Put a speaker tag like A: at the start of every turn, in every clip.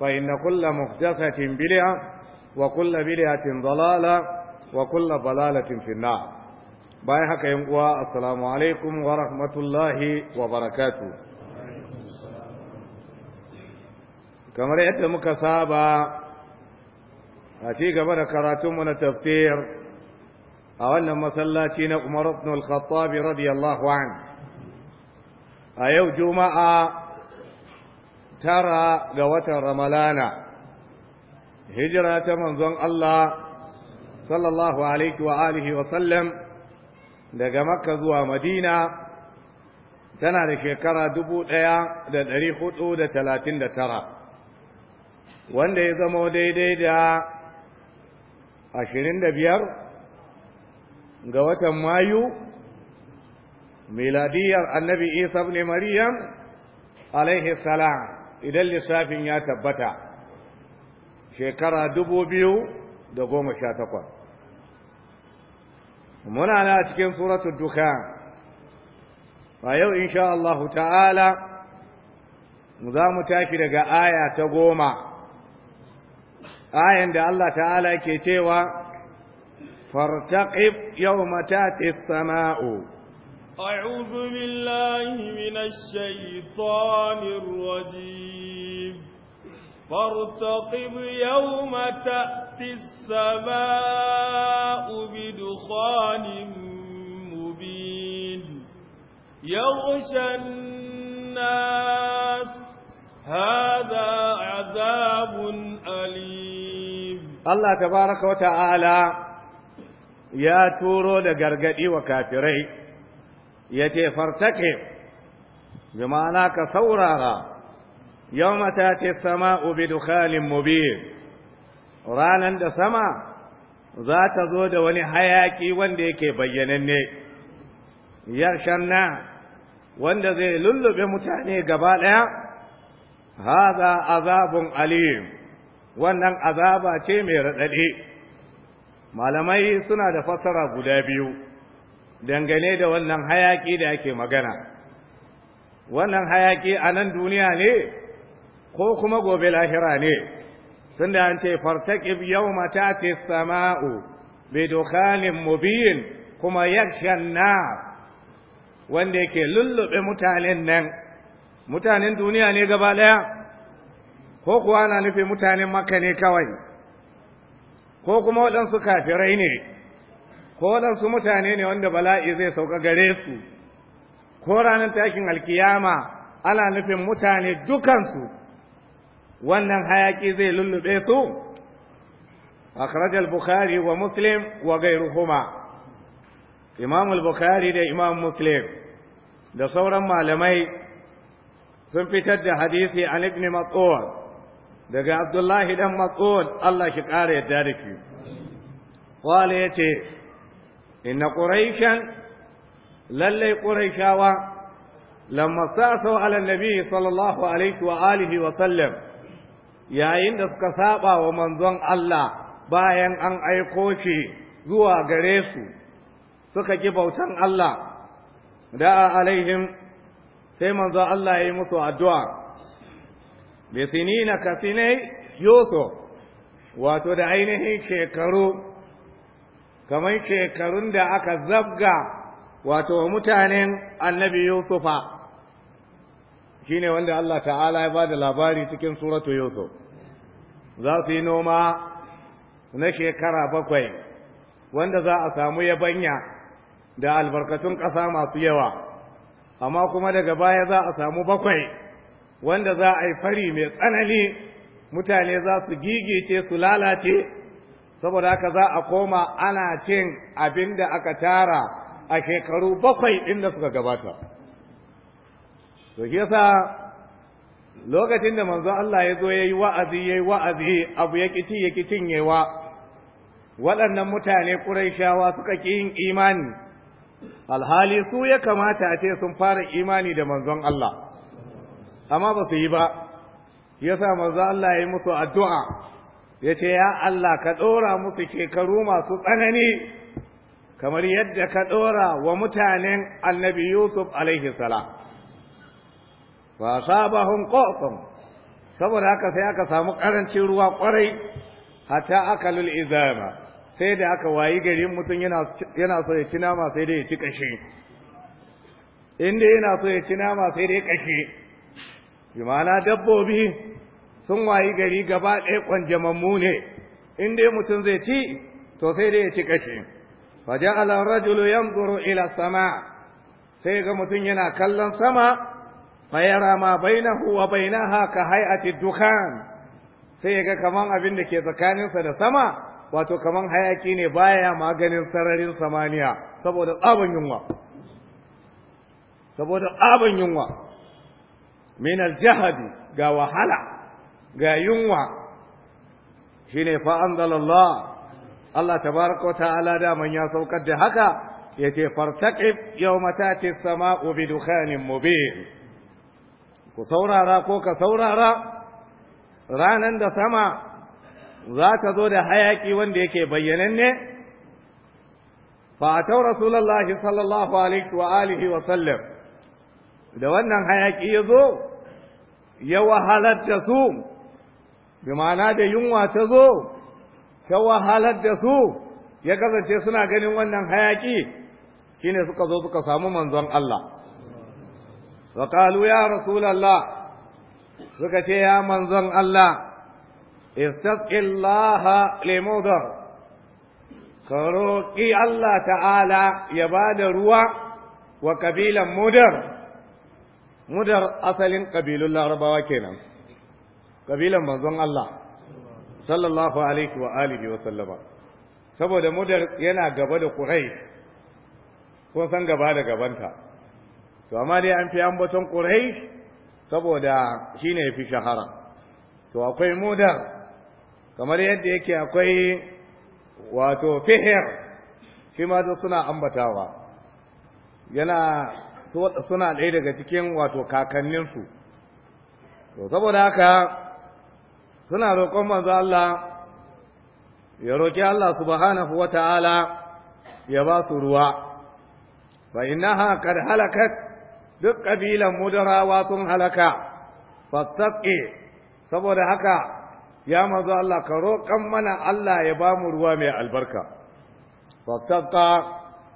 A: فإن كل محدثة بلعة وكل بلعة ضلالة وكل ضلالة في النار بايها كيمقوا السلام عليكم ورحمة الله وبركاته كما رأيت مكسابة أتيك من كراتم من تفسير أولا مسلاتين عمر بن الخطاب رضي الله عنه أيو جمعة tara ga watan ramalana hijira ta manzon Allah sallallahu alaihi wa alihi wa sallam daga makka zuwa madina tana da shekara dubu ɗaya da ɗari hudu da talatin da tara wanda ya zama daidai da ashirin da biyar ga watan mayu miladiyar annabi isa ne maryam alaihi salam idan lissafin ya tabbata shekara dubu biyu da goma sha takwas muna na cikin suratun duka a yau insha Allah ta'ala za mu tafi daga aya ta goma ayan da Allah ta'ala ke cewa fartaqib yawma tati as-sama'u
B: أعوذ بالله من الشيطان الرجيم فارتقب يوم تأتي السماء بدخان مبين يغشى الناس هذا عذاب
A: أليم الله تبارك وتعالى يا تورو da gargadi wa kafirai ya ce fartake bi ma'ana ka saurara yau mata ce sama ubi mu mubin Ranan da sama za ta zo da wani hayaki wanda yake bayyananne yarshen na wanda zai lullube mutane gaba ɗaya haza azabun alim wannan azaba ce mai raɗaɗi. malamai suna da fasara guda biyu dangane da wannan hayaƙi da yake magana wannan hayaƙi a nan duniya ne ko kuma gobe lahira ne tun da an ce fartaƙib yau mata sama'u bai dokanin mubiyin kuma yakshan na wanda yake lullube mutanen nan mutanen duniya ne gaba ɗaya ko kuwa ana nufin mutanen makka ne kawai ko kuma waɗansu kafirai ne ko waɗansu mutane ne wanda bala'i zai sauka gare su ko ranar takin alkiyama ana nufin mutane dukansu wannan hayaƙi zai lullube su akhrajal bukhari wa muslim wa ghayruhuma imam al-bukhari da imam muslim da sauran malamai sun fitar da hadisi an ibn mas'ud daga abdullahi dan mas'ud Allah shi ƙara yadda da ki qala yace inna quraishan lallai quraishawa lamma sa'asaw ala nabi sallallahu alaihi wa alihi wa sallam yayin da suka saba wa manzon Allah bayan an aiko shi zuwa gare su suka ki bautan Allah da'a alaihim sai manzon Allah ya yi musu addu'a bi sinina kasinai yusuf wato da ainihin shekaru kamar shekarun da aka zabga wato mutanen annabi yusufa shine wanda Allah ta'ala ya ba da labari cikin suratu yusuf za su yi noma na shekara bakwai wanda za a samu yabanya da albarkatun ƙasa masu yawa amma kuma daga baya za a samu bakwai wanda za a yi fari mai tsanani mutane za su gigice su lalace saboda haka za a koma ana cin abin da aka tara a shekaru bakwai inda suka gabata to shi yasa lokacin da manzo Allah ya zo ya yi wa'azi ya yi wa'azi abu ya ƙi ya ƙi cinyewa waɗannan mutane ƙuraishawa suka ƙi yin imani alhali su ya kamata a ce sun fara imani da manzon Allah amma ba su yi ba yasa manzo Allah ya yi musu addu'a ya ce ya Allah ka ɗora musu shekaru masu tsanani kamar yadda ka ɗora wa mutanen annabi Yusuf alaihi salam ba sabahun ƙoƙon saboda haka sai aka samu ƙarancin ruwa ƙwarai hata aka lul'izama sai da aka wayi garin mutum yana so ya ci nama sai dai ya ci kashe. inda yana so ya ci nama sai dai kashe, bi ma'ana dabbobi sun wayi gari gaba ɗaya kwanjamammu ne in dai mutum zai ci to sai dai ya ci kashe fa ja'ala rajulu yanzuru ila sama sai ga mutum yana kallon sama mayarama yara ma bainahu wa bainaha ka hay'ati dukan sai ga kaman abin da ke tsakaninsa da sama wato kaman hayaki ne baya maganin sararin samaniya saboda tsaban yunwa saboda tsaban yunwa min aljahadi ga wahala ga yunwa shine fa anzalallah Allah tabaraka wa ta'ala da man ya saukar da haka yace fartaqib yawma tati as-sama'u bi dukhanin mubin ku saurara ko ka saurara ranan da sama za ta zo da hayaki wanda yake bayyananne فأتوا رسول sallallahu alaihi wa alihi wa sallam da wannan hayaki ya zo ya wahalar su bi ma'ana da yunwa ta zo ta wahalar da su ya kasance suna ganin wannan hayaki shine suka zo suka samu manzon Allah wa qalu ya rasulullah suka ce ya manzon Allah istaqillaha limudar ka roƙi Allah ta'ala ya ba da ruwa wa kabilan mudar mudar asalin ƙabilun larabawa kenan kabilan manzon Allah sallallahu alaihi wa alihi wa sallama saboda mudar yana gaba da ƙurai kun san gaba da gabanta to amma dai an fi ambaton ƙurai saboda shine yafi shahara to akwai mudar kamar yadda yake akwai wato fihir shi ma suna ambatawa yana suna ɗaya daga cikin wato kakanninsu to saboda haka suna roƙon manzo Allah ya roƙi Allah subhanahu wa ta'ala ya ba su ruwa, fa haka da halakat duk ƙabilan mudarawa sun halaka, fattaƙe, saboda haka ya mazu Allah ka roƙon mana Allah ya ba mu ruwa mai albarka. Fattaƙa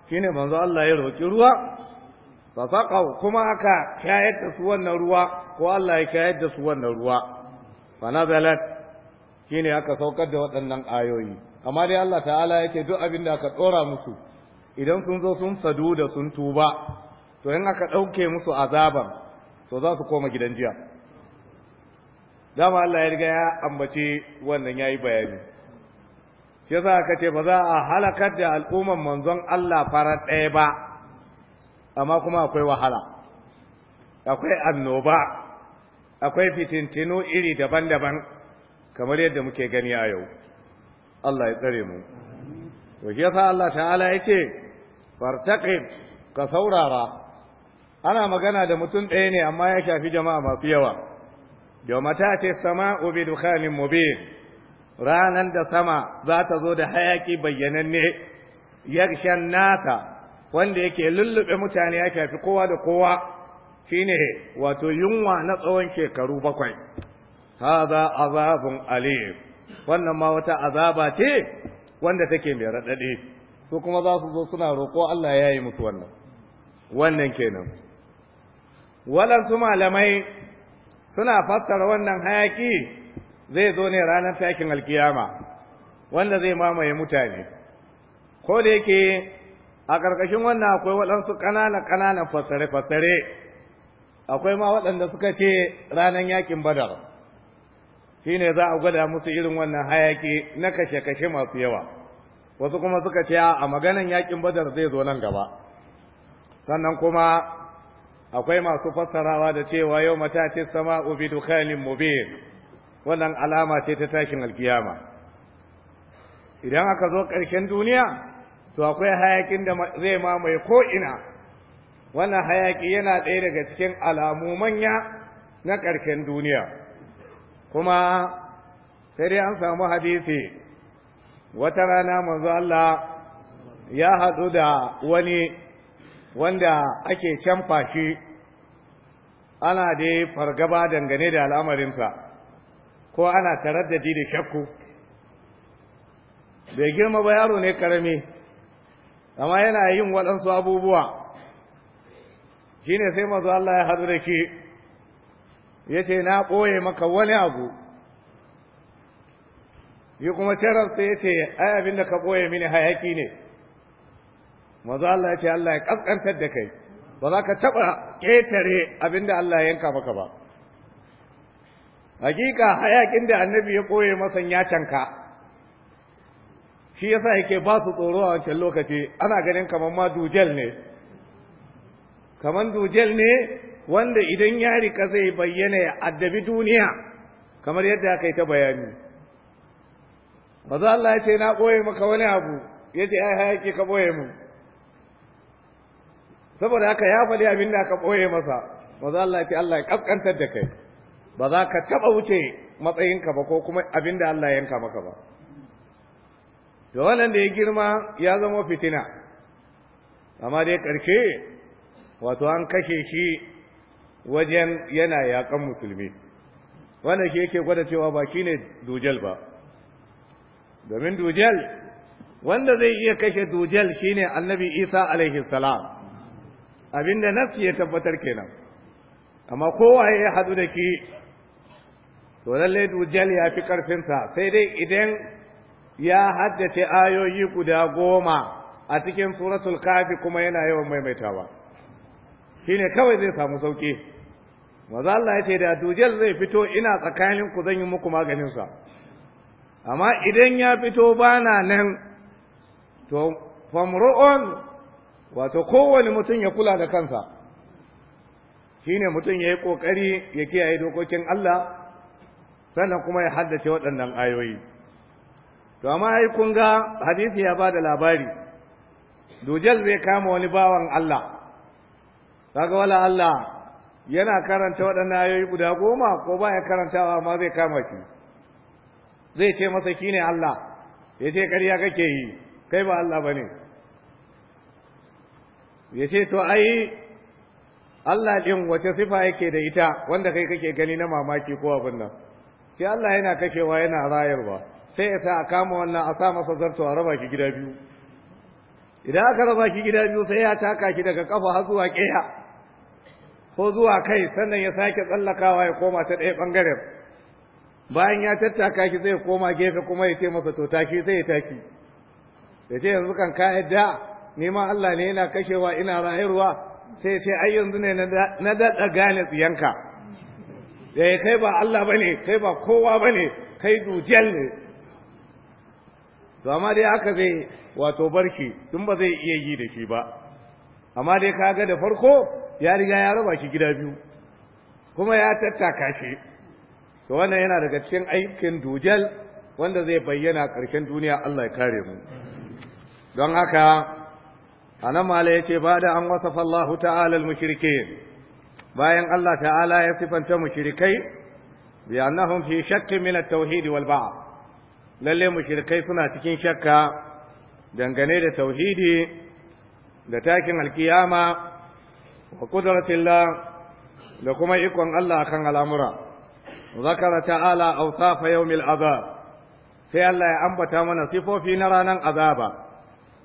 A: shi ne manzo Allah ya roƙi ruwa, fattaƙa kuma aka kyayar da su wannan ruwa, ko Allah ya kyayar da su wannan ruwa. fanazalat shine aka saukar da waɗannan ayoyi amma dai Allah ta'ala yake duk abin da aka dora musu idan sun zo sun sadu da sun tuba to in aka ɗauke musu azaban to za su koma gidan jiya dama Allah ya riga ya ambace wannan yayi bayani shi yasa aka ce ba za a halakar da al'umman manzon Allah farar ɗaya ba amma kuma akwai wahala akwai annoba akwai fitintinu iri daban-daban kamar yadda muke gani a yau Allah ya tsare mu to shi yasa Allah ta'ala yace fartaqib ka saurara ana magana da mutum ɗaya ne amma ya shafi jama'a masu yawa yawma ce sama ubi dukhanin mubin ranan da sama za ta zo da hayaki bayyananne yakshan nata wanda yake lullube mutane ya shafi kowa da kowa shine wato yunwa na tsawon shekaru bakwai haza azabun alim wannan ma wata azaba ce wanda take mai radade su kuma za su zo suna roƙo Allah ya yi musu wannan wannan kenan su malamai suna fassara wannan hayaki zai zo ne ranar takin alkiyama wanda zai mamaye mutane ko da yake a ƙarƙashin wannan akwai waɗansu ƙanana ƙananan fassare-fassare akwai ma waɗanda suka ce ranar yakin badar shi ne za a gwada musu irin wannan hayaki na kashe-kashe masu yawa wasu kuma suka ce a maganan yakin badar zai zo nan gaba sannan kuma akwai masu fassarawa da cewa yau matace sama ubi dukkanin mubin wannan alama ce ta tashin alkiyama idan aka zo ƙarshen duniya to akwai hayakin da zai mamaye ko'ina wannan hayaƙi yana ɗaya daga cikin alamu manya na ƙarshen duniya kuma sai dai an samu hadisi wata rana manzo Allah ya haɗu da wani wanda ake canfa shi ana dai fargaba dangane da al'amarinsa ko ana taraddadi da shakku bai girma ba yaro ne ƙarami. amma yana yin waɗansu abubuwa shine sai Mazu Allah ya hadu da shi yace na ɓoye maka wani abu yi kuma tarar sai yace ai abin da ka ɓoye mini hayaki ne Mazu Allah yace Allah ya kaskantar da kai ba za ka taɓa ketare abin da Allah ya yanka maka ba hakika hayakin da annabi ya koye masan ya canka shi yasa yake ba su tsoro a wancan lokaci ana ganin kamar ma dujel ne kamar dujel ne wanda idan ya rika zai bayyana ya addabi duniya kamar yadda aka yi ta bayani maza Allah ya ce na ɓoye maka wani abu ya ce ai hayaki ka ɓoye mu saboda haka ya faɗi abin da aka ɓoye masa maza Allah ya ce Allah ya ƙasƙantar da kai ba za ka taɓa wuce matsayinka ba ko kuma abin da Allah ya yanka maka ba da wannan da ya girma ya zama fitina amma dai ƙarshe wato an kashe shi wajen yana yakan musulmi wannan shi yake gwada cewa ba shi ne dujal ba domin dujal wanda zai iya kashe dujal shine annabi isa alaihi salam abinda nafsi ya tabbatar kenan amma kowa ya haɗu da ki to lallai dujal ya fi ƙarfinsa sai dai idan ya haddace ayoyi guda goma a cikin suratul kafi kuma yana yawan maimaitawa Shi ne kawai zai samu sauƙi. maza Allah ya ce da dujel zai fito ina tsakanin ku zan yi muku maganinsa. amma idan ya fito bana nan to famru'un wato kowane mutum ya kula da kansa shi ne mutum ya yayi ƙoƙari ya kiyaye dokokin Allah sannan kuma ya haddace waɗannan ayoyi to amma ya kun ga hadisi ya ba da labari Dujel zai kama wani bawan Allah kaga wala Allah yana karanta waɗannan ayoyi guda goma ko baya karantawa amma zai kama ki. zai ce masa ne Allah ya ce ƙarya kake yi kai ba Allah bane ya ce to ai Allah ɗin wace sifa yake da ita wanda kai kake gani na mamaki ko abin nan sai Allah yana kashewa yana rayarwa sai ya sa a kama wannan a sa masa zarto a raba ki gida biyu idan aka raba ki gida biyu sai ya taka ki daga kafa har zuwa ƙeya ko zuwa kai sannan ya sake tsallakawa ya koma ta ɗaya ɓangaren bayan ya tattaka ki zai koma gefe kuma ya ce masa to taki sai ya taki ya ce yanzu kan ka yadda ni ma Allah ne yana kashewa ina rayarwa sai ya ce ai yanzu ne na daɗa gane tsiyanka da ya kai ba Allah bane kai ba kowa bane kai dujiyar ne to amma dai aka zai wato barki tun ba zai iya yi da shi ba amma dai ka ga da farko ya riga ya raba shi gida biyu kuma ya tattaka shi to wannan yana daga cikin aikin dujal wanda zai bayyana ƙarshen duniya Allah ya kare mu don haka anan mala yace ba da an wasafa Allah ta'ala al-mushrikeen bayan Allah ta'ala ya sifanta mushrikai bi annahum fi shakkin min at-tauhid wal ba'd lalle mushrikai suna cikin shakka dangane da tauhidi da takin alkiyama wa da kuma ikon Allah kan al'amura zakara ta'ala yau mil azab sai Allah ya ambata mana sifofi na ranar azaba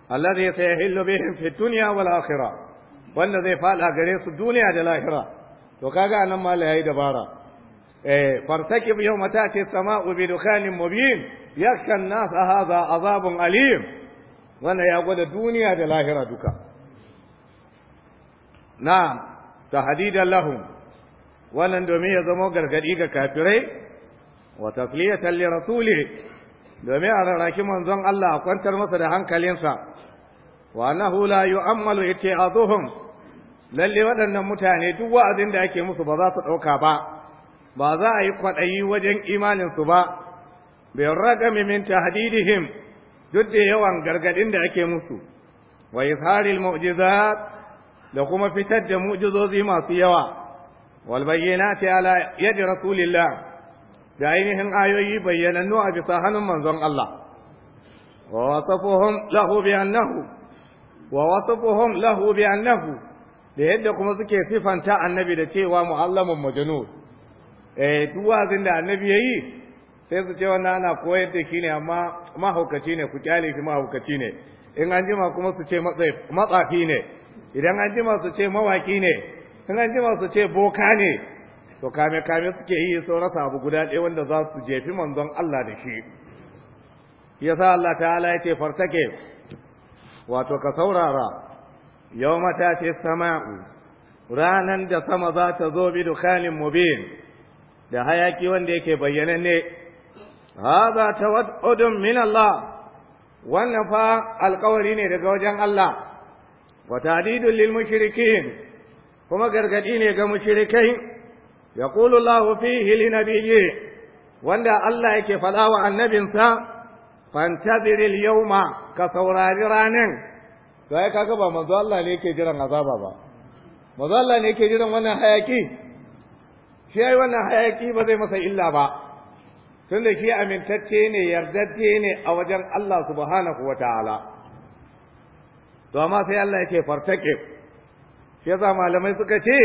A: alladhi sayahillu bihim fi dunya wal lahira, wanda zai faɗa gare su duniya da lahira to kaga nan ma yayi dabara eh yau yawma ta'ti as-sama'u bi mubin yakka nasa nas hadha azabun alim Wanda ya gwada duniya da lahira duka na'am tahdidan lahum wannan domin ya zama gargadi ga kafirai wa ya talle rasuli domin a rarraki manzon Allah a kwantar masa da hankalinsa wa ya ce a tsohon? lalle waɗannan mutane duk wa'azin da ake musu ba za su ɗauka ba ba za a yi kwaɗayi wajen imaninsu ba bai ragami min him. duk da yawan gargadin da ake musu wa izharil mu'jizat da kuma fitar da mu'jizozi masu yawa wal bayyinati ala yadi rasulillah da ainihin ayoyi bayyanannu a bisa hannun manzon Allah wa wasafuhum lahu bi annahu wa wasafuhum lahu bi annahu da yadda kuma suke sifanta annabi da cewa mu'allamun majnun eh duwazin da annabi yayi sai su ce wannan ana koyar da shi ne amma mahaukaci ne ku kyale shi mahaukaci ne in an jima kuma su ce matsafi ne idan an jima su ce mawaki ne in an jima su ce boka ne to kame kame suke yi sun rasa abu guda ɗaya wanda za su jefi manzon Allah da shi yasa Allah ta'ala ya ce fartake wato ka saurara yau mata ce sama'u ranan da sama za ta zo bi dukkanin mubin da hayaki wanda yake bayyananne ta tawaddun min Allah wannan fa alƙawari ne daga wajen Allah wa tadidul lil mushrikin kuma gargadi ne ga mushrikai yaqulu Allahu fihi linabiyyi wanda Allah yake fada wa annabinsa fantazir al yawma ka saurari ranan to ai kaga ba manzo Allah ne yake jiran azaba ba manzo Allah ne yake jiran wannan hayaki shi ai wannan hayaki ba zai masa illa ba tunda shi amintacce ne yardacce ne a wajen Allah subhanahu wataala to amma sai Allah ya ce fartake shi yasa malamai suka ce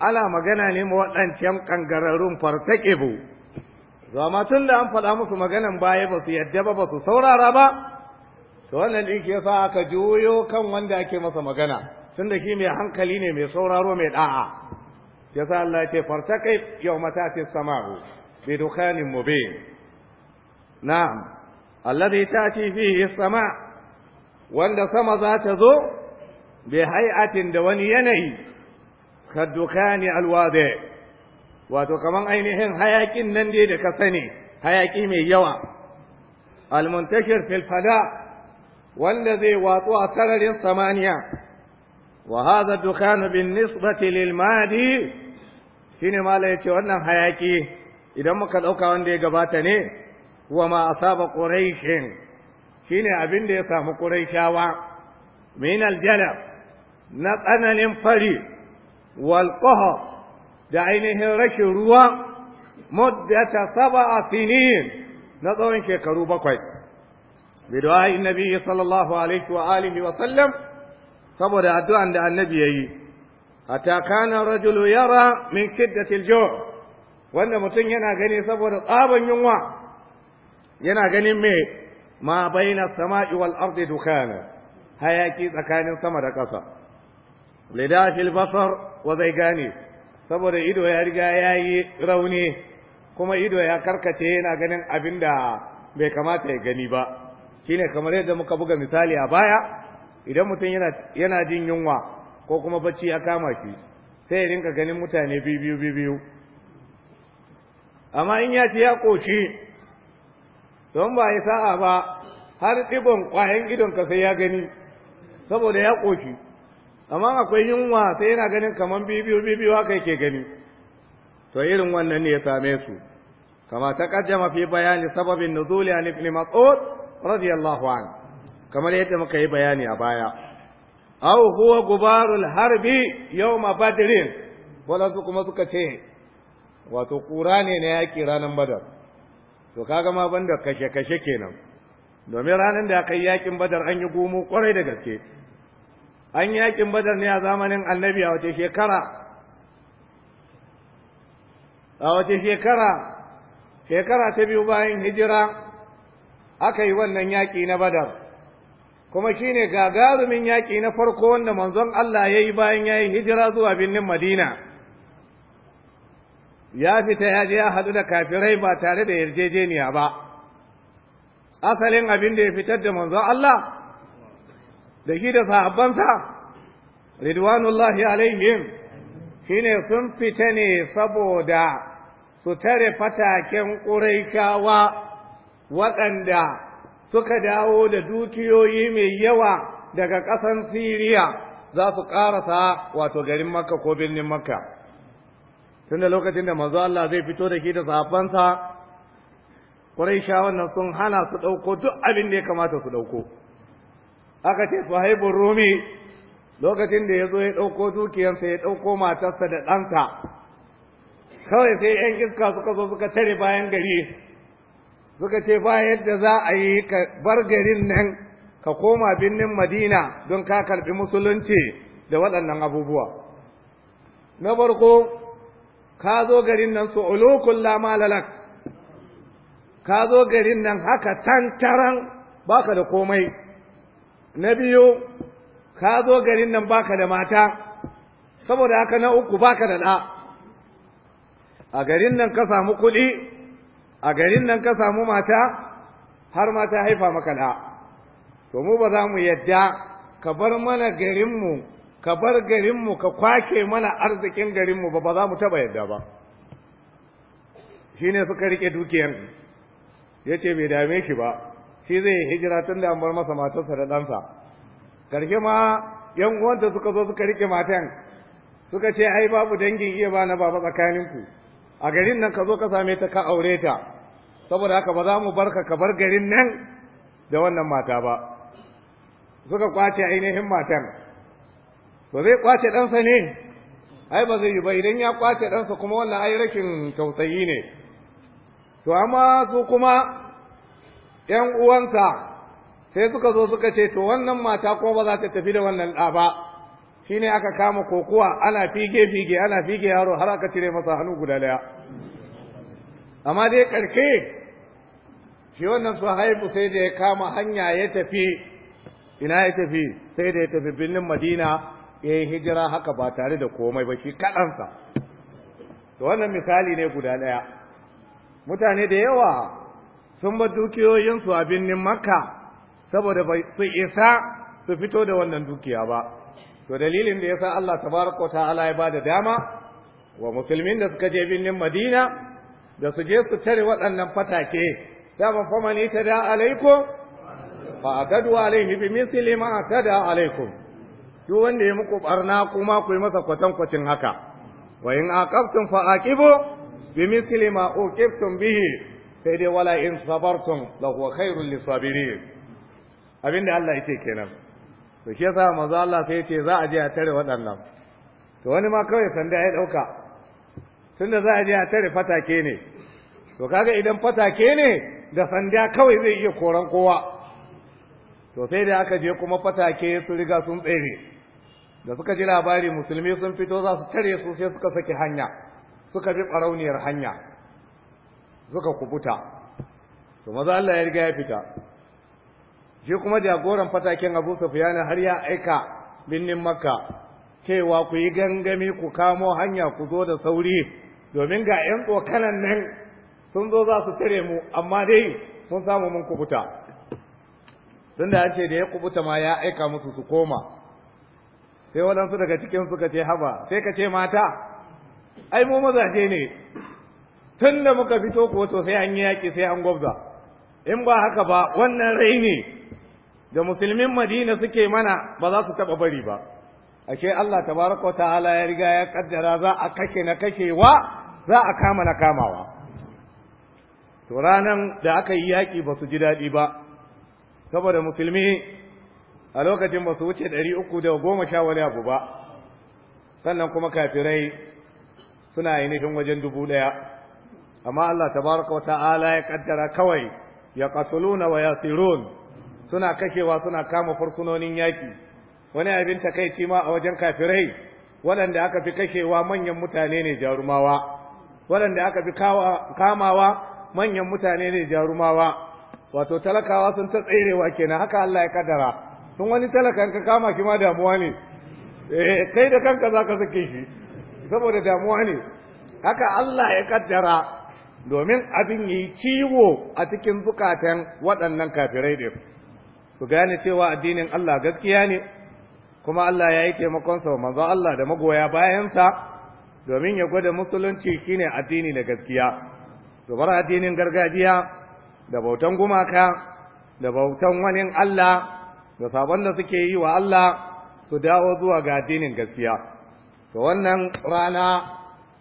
A: ana magana ne ma waɗancan kangararrun fartake bu to amma tun da an faɗa musu maganan baya ba su yadda ba su saurara ba to wannan ɗin ke sa aka juyo kan wanda ake masa magana tunda da ki mai hankali ne mai sauraro mai da'a yasa Allah ya ce fartake yau ce samahu bi dukanin mubin na'am alladhi tati fihi as-sama' wanda sama za ta zo bi hai'atin da wani yanayi dukani alwaze. wato kaman ainihin hayakin nan dai da ka sani hayaki mai yawa almuntakir fil wanda zai watsu a sararin samaniya wa hadha dukhan bin nisbati lil madi shine mala yace wannan hayaki idan muka dauka wanda ya gabata ne wa ma asaba quraishin shine abin da ya samu quraishawa min aljalab na tsananin fari wal da ainihin rashin ruwa muddata sab'a sinin na tsawon shekaru bakwai bidu'a'in nabiyyi sallallahu alaihi wa alihi wa sallam saboda addu'an da annabi yayi hatta kana rajulu yara min shiddati al wanda mutum yana gani saboda tsaban yunwa yana ganin me ma baina sama'i wal ardi dukana hayaki tsakanin sama da ƙasa lidafil basar wa zai gane saboda ido ya riga ya yi rauni kuma ido ya karkace yana ganin abin da bai kamata ya gani ba shine kamar yadda muka buga misali a baya idan mutum yana yana jin yunwa ko kuma bacci ya kama shi sai ya rinka ganin mutane biyu biyu biyu amma in ya ce ya ƙoshi don ba ya sa'a ba har ɗiban ƙwayan ka sai ya gani saboda ya ƙoshi amma akwai yunwa sai yana ganin kamar bibiyo bibiyo haka yake gani to irin wannan ne ya same su kama ta kaddama fi bayani sababin nuzuli an ibn mas'ud radiyallahu an kamar yadda muka yi bayani a baya aw huwa gubarul harbi yawma badrin wadansu kuma suka ce wato kura ne na yaƙi ranar badar to kaga ma banda kashe kashe kenan domin ranar da aka yi yakin badar an yi gumo kwarai da gaske an yakin badar ne a zamanin annabi a wace shekara a wace shekara shekara ta biyu bayan hijira aka yi wannan yaƙi na badar kuma shine gagarumin yaƙi na farko wanda manzon Allah ya yi bayan ya yi hijira zuwa birnin madina ya fita ya je ya hadu da kafirai ba tare da yarjejeniya ba asalin abin da ya fitar da manzon Allah da shi da sahabbansa ridwanullahi alaihim shine sun fita ne saboda su tare fataken ƙuraishawa waɗanda suka dawo da dukiyoyi mai yawa daga ƙasan siriya za su ƙarasa wato garin makka ko birnin makka tunda lokacin da manzo Allah zai fito da shi da zafansa sha nan sun hana su ɗauko duk abin da ya kamata su ɗauko. aka ce Suhaibur Rumi lokacin da ya zo ya ɗauko dukiyarsa ya ɗauko matarsa da ɗansa kawai sai yan iska suka zo suka tare bayan gari suka ce ba yadda za a yi ka bar garin nan ka koma birnin Madina don ka karɓi musulunci da waɗannan abubuwa na farko ka zo garin nan su ulukun lamalalak ka zo garin nan haka tantaran baka da komai na biyu ka zo garin nan baka da mata saboda haka na uku baka da ɗa a garin nan ka samu kuɗi a garin nan ka samu mata har mata haifa maka ɗa to mu ba za mu yadda ka bar mana garinmu ka bar garinmu ka kwake mana arzikin garinmu ba ba za mu taɓa yadda ba shi ne suka riƙe dukiyar ya ce bai dame shi ba shi zai hijira tun da an bar masa matarsa da ɗansa ƙarshe ma yan uwanta suka zo suka riƙe matan suka ce ai babu dangin iya ba na baba tsakaninku a garin nan ka zo ka same ta ka aure ta saboda haka ba za mu barka ka bar garin nan da wannan mata ba suka kwace ainihin matan ba zai kwace ɗansa ne ai ba zai yi ba idan ya kwace ɗansa kuma wannan ai rashin tausayi ne to amma su kuma ‘yan uwansa sai suka zo suka ce to wannan mata kuma ba za ta tafi da wannan ɗa ba shi ne aka kama kokuwa ana fige-fige ana fige yaro har aka cire masa hannu guda daya amma dai ƙarshe shi wannan su haifu sai da ya kama hanya ya tafi ina ya tafi sai da ya tafi birnin madina ya yi hijira haka ba tare da komai ba shi kaɗansa To wannan misali ne guda ɗaya mutane da yawa sun bar dukiyoyinsu a birnin makka saboda bai su isa su fito da wannan dukiya ba to dalilin da ya sa Allah tabaraka al'a ya bada dama wa musulmin da suka je birnin madina da su je su tare waɗannan fatake dama ne ta da alaikum fa atadu alaihi bi misli ma da alaikum duk wanda ya muku barna kuma ku yi masa kwatankwacin haka wa in aqabtum fa aqibu bimithli ma uqibtum bihi sai dai wala in sabartum la huwa khairul lisabirin abinda Allah yace kenan to shi yasa manzo Allah sai yace za a je a tare waɗannan to wani ma kawai sanda ya dauka tunda za a je a tare fatake ne to kaga idan fatake ne da sanda kawai zai iya koran kowa to sai da aka je kuma fatake su riga sun tsere da suka ji labari musulmi sun fito za su tare su sai suka saki hanya suka bi farauniyar hanya suka kubuta to maza Allah ya riga ya fita shi kuma jagoran fatakin Abu Sufyan har ya aika binnin Makka cewa ku yi gangami ku kamo hanya ku zo da sauri domin ga 'yan tsokanan nan sun zo za su tare mu amma dai mun samu mun kubuta tunda an ce da ya kubuta ma ya aika musu su koma sai wadansu daga cikin suka ce haba sai ka ce mata ai mu mazaje ne tun da muka fito ko to sai an yi yaƙi sai an gwabza in ba haka ba wannan rai ne da musulmin madina suke mana ba za su taɓa bari ba ashe Allah tabaraka ta'ala ya riga ya kaddara za a kashe na kashewa za a kama na kamawa to ranan da aka yi yaƙi ba su ji daɗi ba saboda musulmi a lokacin ba su wuce ɗari uku da goma sha wani abu ba sannan kuma kafirai suna ainihin wajen dubu ɗaya amma Allah tabaraka wa ta'ala ya kaddara kawai ya na wa yasirun suna kashewa suna kama fursunonin yaƙi. wani abin takaici ma a wajen kafirai waɗanda aka fi kashewa manyan mutane ne jarumawa waɗanda aka fi kamawa manyan mutane ne jarumawa wato talakawa sun ta tserewa kenan haka Allah ya kaddara Sun wani talaka ka kama kima ma damuwa ne eh kai da kanka za ka sake shi saboda damuwa ne haka Allah ya kaddara domin abin yi ciwo a cikin bukatan waɗannan kafirai ɗin su gane cewa addinin Allah gaskiya ne kuma Allah ya yi taimakonsa wa manzo Allah da magoya bayansa domin ya gwada musulunci shine addini da gaskiya to bar addinin gargajiya da bautan gumaka da bautan wani Allah da sabon da suke yi wa Allah su dawo zuwa ga addinin gaskiya to wannan rana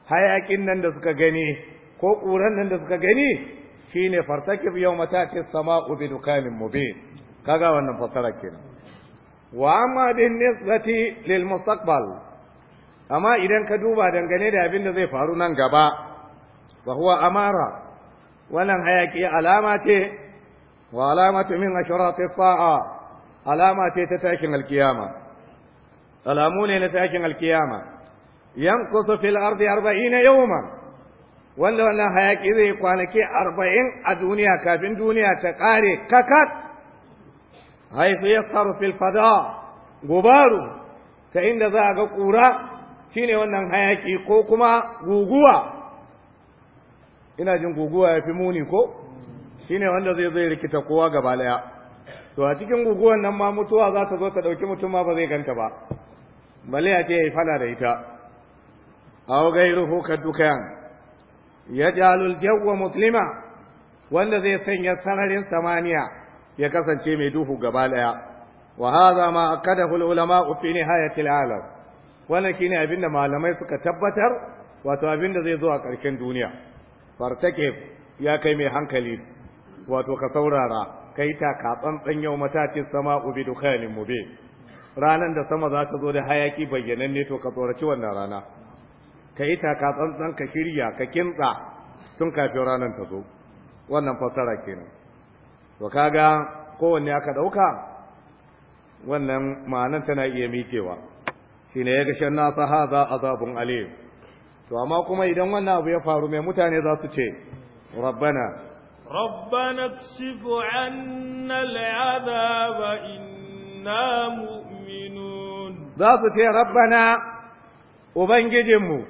A: hayakin nan da suka gani ko ƙuran nan da suka gani shine fartakif yawma tati sama'u bi dukanin mubin kaga wannan fasara kenan wa amma din nisbati lil mustaqbal amma idan ka duba dangane da abin da zai faru nan gaba wa huwa amara wannan hayaki alama ce wa alamatu min ashratis sa'a alama ce ta takin alkiyama alamu ne na tashin alkiyama yankusu fil ardi 40 yawman wanda wannan hayaki zai kwanaki 40 a duniya kafin duniya ta kare kakat haythu yasaru fil fada gubaru ta inda za a ga kura shine wannan hayaki ko kuma guguwa ina jin guguwa ya fi muni ko shine wanda zai zai rikita kowa gaba daya to a cikin guguwan nan ma mutuwa za ta zo ta ɗauki mutum ma ba zai ganta ba bale a ce ya yi fada da ita aw gairuhu ka dukan ya jalul jawwa muslima wanda zai sanya sararin samaniya ya kasance mai duhu gaba daya wa hadha ma akada hul ulama fi nihayati alam wannan shine da malamai suka tabbatar wato abin da zai zo a ƙarshen duniya fartake ya kai mai hankali wato ka saurara kai taka tsantsan yau matakin sama ubi dukhanin mube ranan da sama za ta zo da hayaki ne to ka tsoraci wannan rana ka yi taka tsantsan ka shirya ka kintsa tun kafin ranar ta zo wannan fassara kenan to kaga kowanne aka dauka wannan ma'anar tana iya mikewa shine ya shan nasa a zabun alim to amma kuma idan wannan abu ya faru mai mutane za su ce rabbana
B: ربنا اكشف عنا العذاب إنا مؤمنون
A: ذات يا ربنا وبنجدمو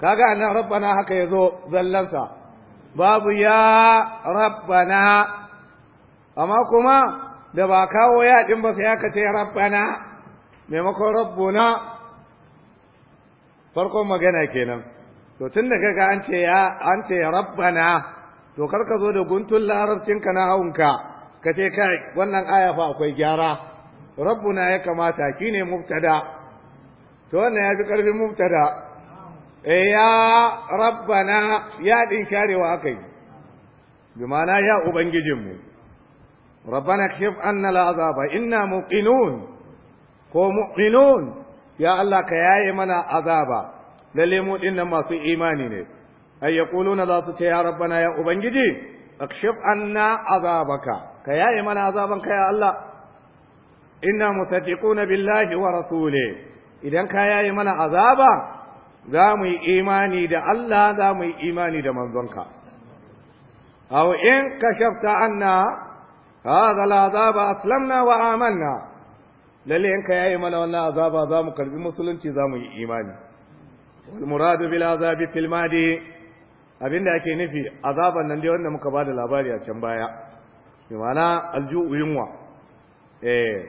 A: كاغا أن ربنا هكا يزو زلنسا باب يا ربنا اما كما da ba kawo yaɗin ba sai aka ce rabbana maimakon rabbuna farkon magana kenan to tun da kaga an ce ya an ce rabbana to kar ka zo da guntun larabcinka na hawunka ka ce kai wannan aya fa akwai gyara rabbuna ya kamata shine mubtada to wannan ya fi karfin mubtada e ya rabbana ya din sharewa akai bi ma'ana ya ubangijinmu rabbana kif anna azaba. inna muqinun ko muqinun ya Allah ka yaye mana azaba lalle mu dinnan masu imani ne ay yaquluna za su ce ya rabbana ya ubangiji akshif anna azabaka ka yaye mana azaban ya Allah inna musaddiquna billahi wa rasuli idan ka yaye mana azaba za mu yi imani da Allah za mu yi imani da manzonka aw in kashafta anna hadha al'azaba aslamna wa amanna lalle in ka yaye mana wannan za mu karbi musulunci za mu yi imani wal muradu bil abinda ake nufi azaban nan dai wanda muka ba da labari a can baya bi ma'ana alju'u yunwa eh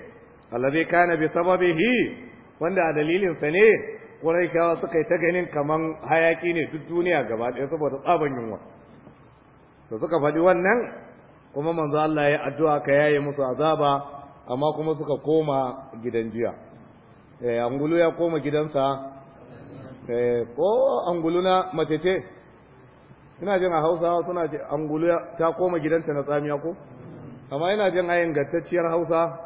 A: alladhi kana bi sababihi wanda a dalilin sa ne quraishawa suka yi ta ganin kaman hayaki ne duk duniya gaba ɗaya saboda tsaban yunwa to suka faɗi wannan kuma manzo Allah ya addu'a ka yaye musu azaba amma kuma suka koma gidan jiya eh angulu ya koma gidansa eh ko angulu na mace ce ina jin a hausawa suna ce angulu ta koma gidanta na tsamiya ko amma ina jin ayin gattacciyar hausa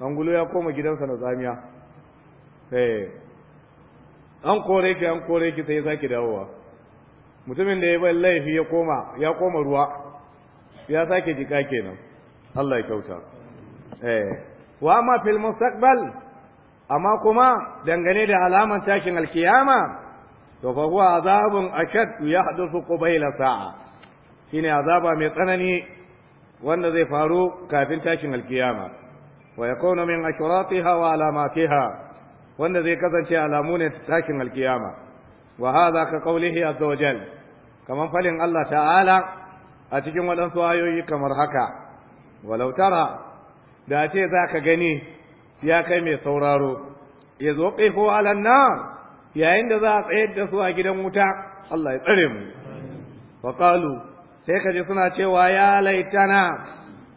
A: angulu ya koma gidansa na tsamiya eh an kore ki an kore ki sai zaki dawowa mutumin da ya bai laifi ya koma ya koma ruwa ya sake jika kenan Allah ya kyauta eh wa ma fil mustaqbal amma kuma dangane da alaman tashin alkiyama to fa huwa azabun ashad yahdathu qabila sa'a shine azaba mai tsanani wanda zai faru kafin tashin alkiyama wa yakunu min ashratiha wa alamatiha wanda zai kasance alamu ne tashin alkiyama wa hadha ka qawlihi azza kaman falin Allah ta'ala a cikin waɗansu ayoyi kamar haka walau tara da ce za ka gani ya kai mai sauraro ya zo alannar yayin da za a tsayar da su a gidan wuta Allah ya tsare mu wa qalu sai kaje suna cewa ya laitana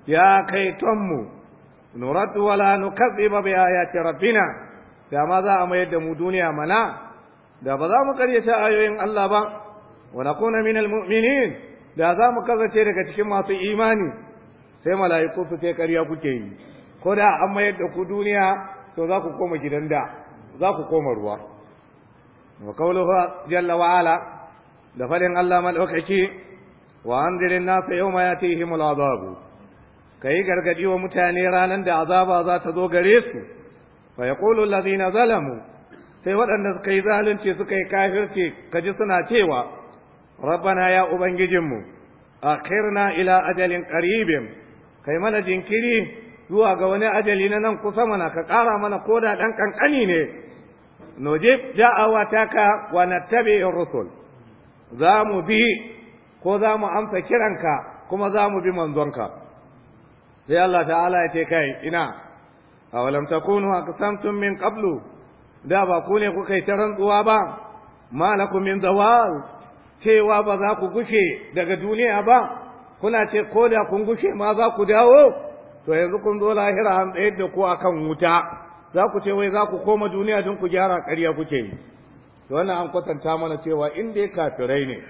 A: ya kai tonmu nuratu wala nukazziba bi ayati rabbina da ma za a mayar da mu duniya mana da ba za mu karyata ayoyin Allah ba wa nakuna minal mu'minin da za mu kazace daga cikin masu imani sai mala'iku su kai karya kuke yi ko da an mayar da ku duniya to za ku koma gidan da za ku koma ruwa wa qawluhu jalla wa ala da faɗin Allah madaukaki wa anzirin nasa yawma yatihimul azabu kai gargadi wa mutane ranar da azaba za ta zo gare su fa yaqulu alladhina zalamu sai waɗanda suka yi zalunci suka yi kafirci kaji suna cewa rabbana ya ubangijinmu akhirna ila ajalin qaribin kai mana jinkiri zuwa ga wani ajali na nan kusa mana ka ƙara mana koda ɗan ƙanƙani ne nujib da'awataka wa nattabi'ir rusul za mu bi ko za mu amsa kiranka kuma za mu bi manzonka sai Allah ta'ala ya ce kai ina awalam takunu aqsamtum min qablu da ba ku ne kuka yi ta rantsuwa ba malakum min zawal cewa ba za ku gushe daga duniya ba kuna ce ko da kun gushe ma za ku dawo to yanzu kun zo lahira an tsayar da ku akan wuta za ku ce wai za ku koma duniya don ku gyara ƙarya kuke yi to wannan an kwatanta mana cewa in dai kafirai ne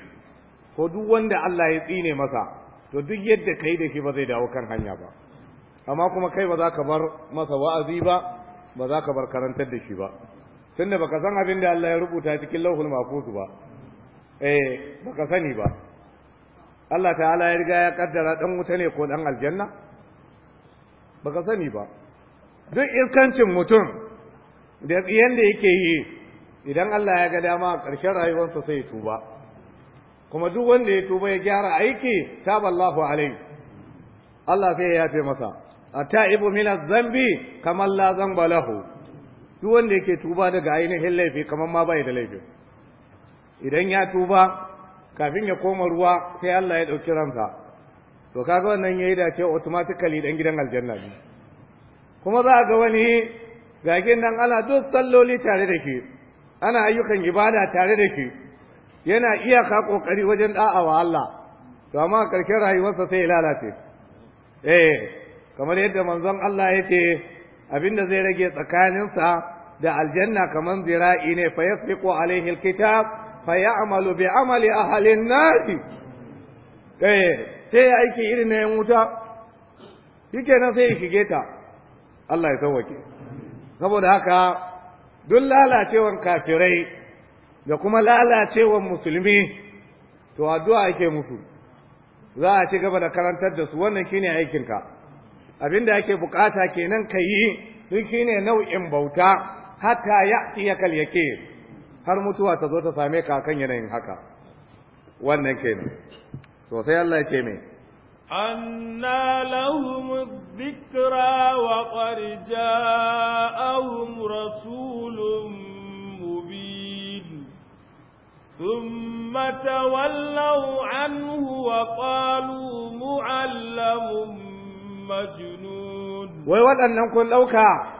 A: ko duk wanda Allah ya tsine masa to duk yadda kai da shi ba zai dawo kan hanya ba amma kuma kai ba za ka bar masa wa'azi ba ba za ka bar karantar da shi ba tunda baka san abin da Allah ya rubuta cikin lauhul mahfuz ba eh baka sani ba Allah ta'ala ya riga ya kaddara dan wuta ne ko dan aljanna baka sani ba duk iskancin mutum da tsiyan da yake yi idan Allah ya ga dama a ƙarshen rayuwarsa sai ya tuba kuma duk wanda ya tuba ya gyara aiki taballahu alai Allah sai ya yafe masa a ta ibu adh zambi kamar la zan lahu duk wanda yake tuba daga ainihin laifi kamar ma bai da laifi idan ya tuba kafin ya koma ruwa sai Allah ya ɗauki ransa to kaga wannan yi dace otomatikali dan gidan aljanna ne kuma za ga wani gagin nan ana duk salloli tare da ke ana ayyukan ibada tare da ke yana iya ka kokari wajen da'a wa Allah to amma karshen rayuwarsa sai lalace eh kamar yadda manzon Allah ya abinda zai rage tsakaninsa da aljanna kamar zira'i ne fa yasbiqu alaihi alkitab fa ya'malu bi amali ahli an-nar eh sai aiki irin na yan wuta yake nan sai ya shige ta Allah ya sauwake saboda haka duk lalacewan kafirai da kuma lalacewan musulmi to addu'a ake musu za a ci gaba da karantar da su wannan shine aikinka abinda ake bukata kenan ka yi duk shine nau'in bauta hatta ya'tiyaka al yake, har mutuwa ta zo ta same ka kan yanayin haka wannan kenan to sai Allah ya ce mai
B: أنا لهم الذكرى وقد جاءهم رسول مبين ثم تولوا عنه وقالوا معلم مجنون
A: ويوضع كل أوكا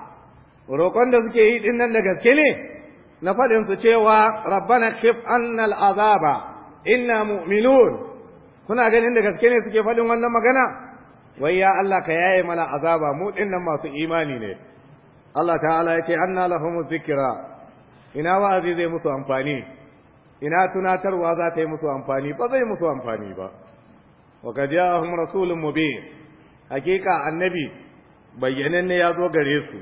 A: roƙon da suke yi ɗin da gaske ne na faɗin su cewa rabbana khif azaba inna mu'minun kuna ganin da gaske ne suke faɗin wannan magana wai ya Allah ka yaye mana azaba mu dinnan masu imani ne Allah ta'ala yake anna lahum zikra ina wa'azi zai musu amfani ina tunatarwa za ta yi musu amfani ba zai musu amfani ba wa kad ja'ahum rasulun mubin hakika annabi ne ya zo gare su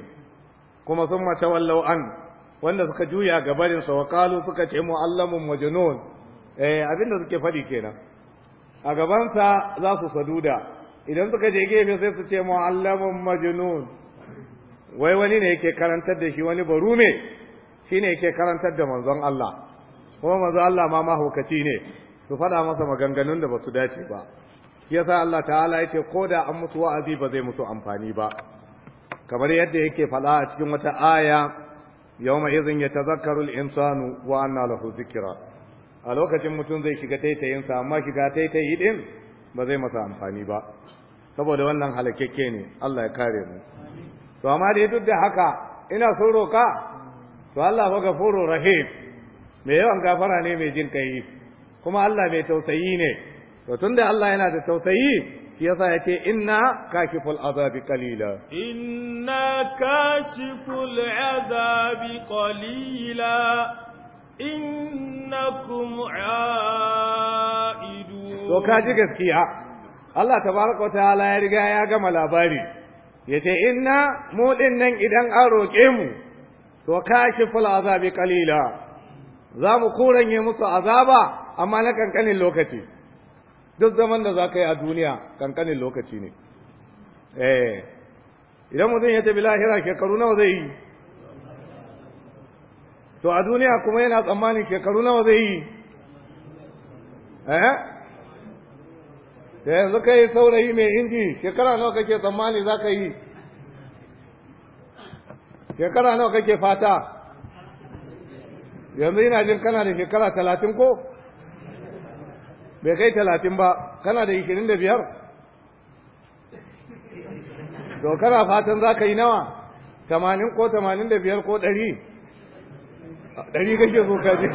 A: kuma sun mace an wanda suka juya gabarin sa wa qalu suka ce mu allamun majnun eh abinda suke faɗi kenan a gabansa za su saduda idan suka je gefe sai su ce mu'allamun majnun wai wani ne yake karantar da shi wani barume shine yake karantar da manzon Allah kuma manzon Allah ma mahaukaci ne su faɗa masa maganganun da basu dace ba yasa Allah ta'ala yace ko da an musu wa'azi ba zai musu amfani ba kamar yadda yake faɗa a cikin wata aya yawma idhin yatazakkaru al-insanu wa anna lahu dhikra a lokacin mutum zai shiga taitayinsa amma shiga taitayi din ba zai masa amfani ba saboda wannan halakakke ne Allah ya kare mu to amma dai duk da haka ina son roka to Allah fa gafuru rahim me yawan gafara ne mai jin kai kuma Allah mai tausayi ne to tunda Allah yana da tausayi shi yasa yace inna kashiful azabi qalila
B: inna kashiful azabi qalila innakum a'idu to ka ji gaskiya
A: Allah tabaraka wataala ya riga ya gama labari yace inna mu nan idan an roƙe mu to kashiful azabi qalila za mu koranye musu azaba amma na kankanin lokaci duk zaman da za ka yi a duniya kankanin lokaci ne eh idan mutum ya tafi lahira shekaru nawa zai yi to a duniya kuma yana tsammanin shekaru nawa zai yi eh da yanzu kai saurayi mai inji shekara nawa kake tsammani za ka yi shekara nawa kake fata yanzu yana jin kana da shekara talatin ko bai kai talatin ba kana da ikirin da biyar
C: to kana fatan za ka yi
A: nawa tamanin ko tamanin da biyar ko ɗari ɗari kake so ka je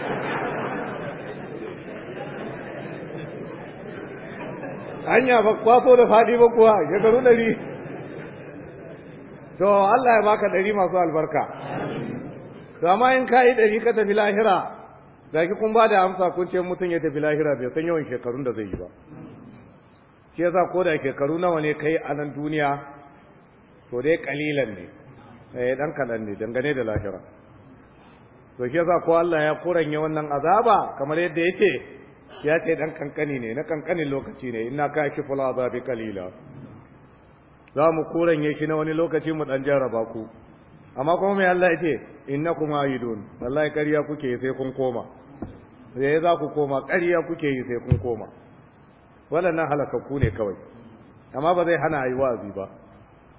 C: hanya ba kwaso da faɗi ba kuwa ya garu ɗari
A: to Allah ya baka ɗari masu albarka to amma in ka yi ɗari ka tafi lahira da ki kun ba da amsa kun ce mutum ya tafi lahira bai san yawan shekarun da zai yi ba shi yasa ko da shekaru nawa ne kai a nan duniya to dai kalilan ne eh dan kalan ne dangane da lahira to shi yasa ko Allah ya kuranya wannan azaba kamar yadda yake ya ce dan kankani ne na kankanin lokaci ne inna kashiful azabi kalila, za mu kuranye shi na wani lokaci mu dan jaraba ku amma kuma mai Allah yace innakum aidun wallahi kariya kuke yi sai kun koma sai za ku koma kariya kuke yi sai kun koma halaka ku ne kawai amma ba zai hana ayi wa'azi ba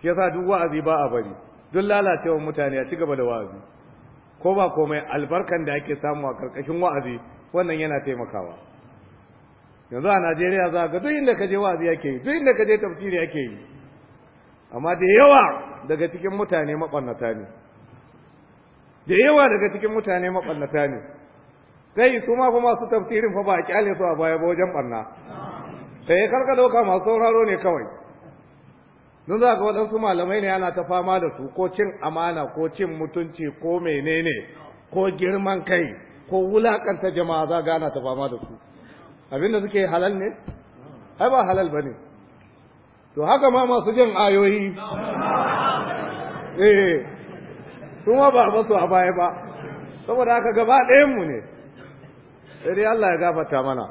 A: shi yasa duk wa'azi ba a bari duk lalacewar mutane a ci gaba da wa'azi ko ba komai albarkan da ake samu a karkashin wa'azi wannan yana taimakawa yanzu a Najeriya za ga duk inda ka je wa'azi yake yi duk inda ka je tafsiri yake yi amma da yawa daga cikin mutane mabannata ne da yawa daga cikin mutane mabannata ne kai su ma kuma su tafsirin fa ba a kyale su a baya ba wajen barna sai karka ɗauka masu sauraro ne kawai don za ga waɗansu malamai ne ana ta fama da su ko cin amana ko cin mutunci ko menene ko girman kai ko wulakanta jama'a za ga ana ta fama da su abinda suke halal ne ai ba halal ba ne to haka ma masu jin ayoyi eh su ma ba basu a baya ba saboda haka gaba ɗayanmu ne sai dai Allah ya gafarta mana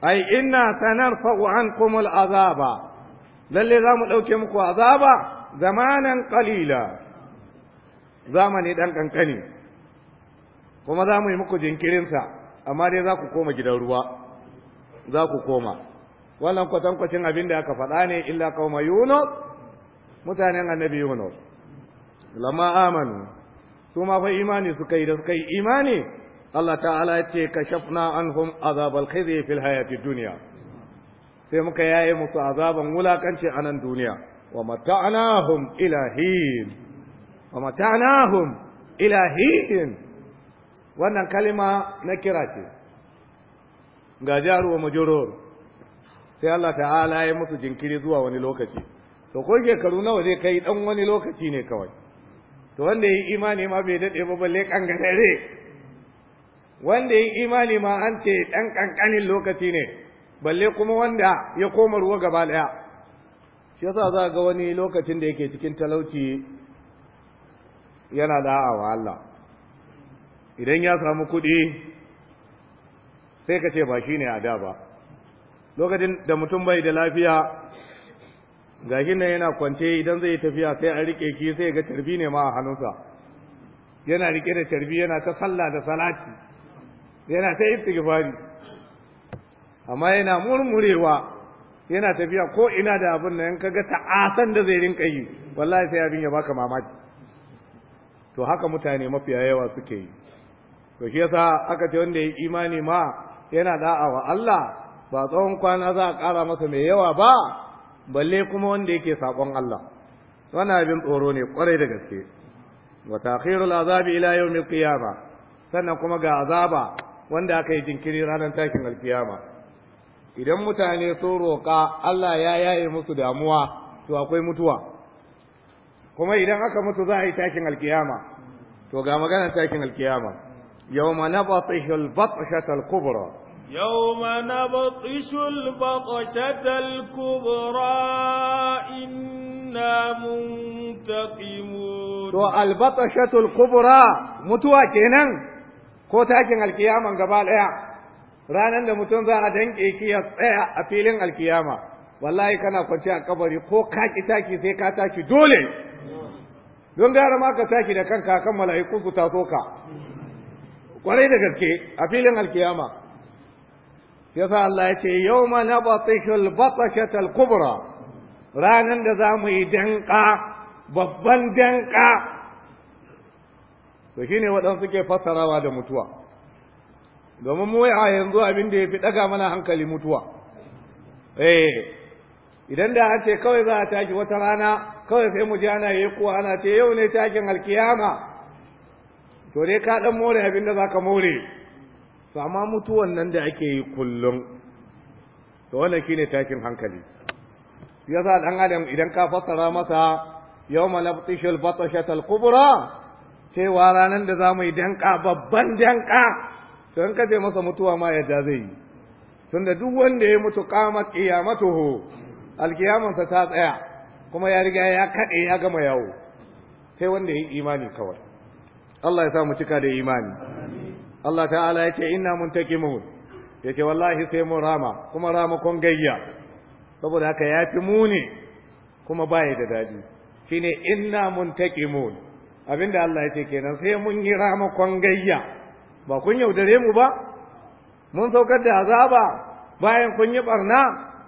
A: ai inna sanarfa'u ankum al'azaba lalle za mu ɗauke muku azaba zamanan kalila zamani ɗan ƙanƙani kuma za mu yi muku jinkirinsa amma dai za ku koma gidan ruwa za ku koma wannan kwatankwacin abin da aka faɗa ne illa kauma yunus mutanen annabi yunus lamma amanu su ma fa imani suka yi da suka yi imani Allah ta'ala ya ce kashafna anhum azabal khizi fil hayati duniya. sai muka yaye musu azaban wulakanci a nan duniya wa mata'anahum ilahin wa mata'anahum ilahin wannan kalima na kira ce ga jaruwa majurur sai Allah ta'ala ya musu jinkiri zuwa wani lokaci to ko shekaru nawa zai kai dan wani lokaci ne kawai to wanda yi imani ma bai dade ba balle kangare. wanda yi imani ma an ce dan kankanin lokaci ne balle kuma wanda ya koma ruwa gaba daya shi yasa za ga wani lokacin da yake cikin talauci yana wa Allah idan ya samu kuɗi sai ka ce ba shi ne a da ba lokacin da mutum bai da lafiya gashi nan yana kwance idan zai tafiya sai a rike shi sai ga carbi ne ma a hannunsa yana rike da carbi yana ta sallah da salati yana ta istighfari amma yana murmurewa yana tafiya ko ina da abin nan kaga ta'asan da zai rinka yi wallahi sai abin ya baka mamaki to haka mutane mafiya yawa suke yi to shi yasa aka ce wanda ya imani ma yana da'a wa Allah ba tsawon kwana za a ƙara masa mai yawa ba balle kuma wanda yake sakon Allah wannan abin tsoro ne kwarai da gaske wa takhirul azabi ila yawmil qiyamah sannan kuma ga azaba wanda aka yi jinkiri ranar takin alkiyama idan mutane sun roƙa Allah ya yaye musu damuwa to akwai mutuwa kuma idan aka mutu za a yi takin alkiyama to ga magana takin alkiyama yawma nabatishul batshatal kubra
B: yawma nabatishul batshatal kubra inna muntaqimun
A: to albatshatul kubra mutuwa kenan ko takin alkiyaman gaba daya ranan da mutum za a danke ki ya tsaya a filin alkiyama wallahi kana kwanci a kabari ko ka ki taki sai ka taki dole don gara ma ka taki da kanka kan mala'iku su taso ka kwarai da gaske a filin alkiyama yasa Allah ya ce yawma nabatishul batashatal kubra ranan da za mu yi danka babban danka to shine waɗansu ke fassarawa da mutuwa domin mu yanzu abin da ya fi ɗaga mana hankali mutuwa eh idan da an ce kawai za a tashi wata rana kawai sai mu ji ana yi kuwa ana ce yau ne takin alkiyama to dai ka ɗan more abin da za ka more to amma mutuwan nan da ake yi kullum to wannan shine takin hankali Ya yasa dan adam idan ka fassara masa yawma nabtishul batashatul kubra cewa ranan da zamu yi danka babban danka don kaje masa mutuwa ma yadda zai yi tunda duk wanda ya mutu kiyamatu matuho, alkiyamansa ta tsaya kuma ya riga ya kaɗe ya gama yawo sai wanda ya yi imani kawai Allah ya sa mu cika da imani Allah ta'ala ya ce inna muntakimun ya ce wallahi sai mun rama kuma rama gayya saboda haka ya fi muni kuma baya da daji shine inna Abin abinda Allah ya ce kenan sai mun yi rama kon gayya ba kun yaudare mu ba mun saukar da azaba bayan kun yi barna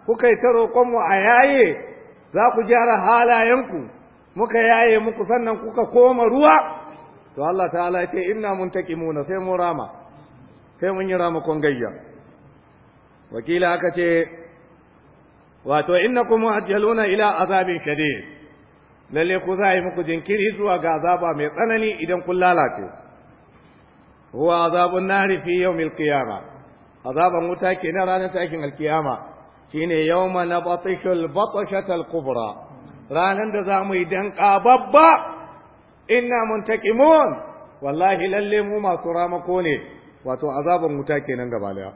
A: kuka yi ta roƙonmu a yaye za ku gyara halayenku muka yaye muku sannan kuka koma ruwa to Allah ta'ala ya ce inna muntaqimuna sai mun rama sai mun yi ramakon gayya wakila aka ce wato innakum muajjaluna ila azabin shadid lalle ku za yi muku jinkiri zuwa ga azaba mai tsanani idan kun lalace huwa azabun nari fi yawmil qiyama azaban wuta kenan ranar takin alkiyama shine yawma nabatikul batashat kubra ranan da zamu yi danka babba inna muntakimun wallahi lalle mu masu ramako ne wato azaban wuta kenan gaba daya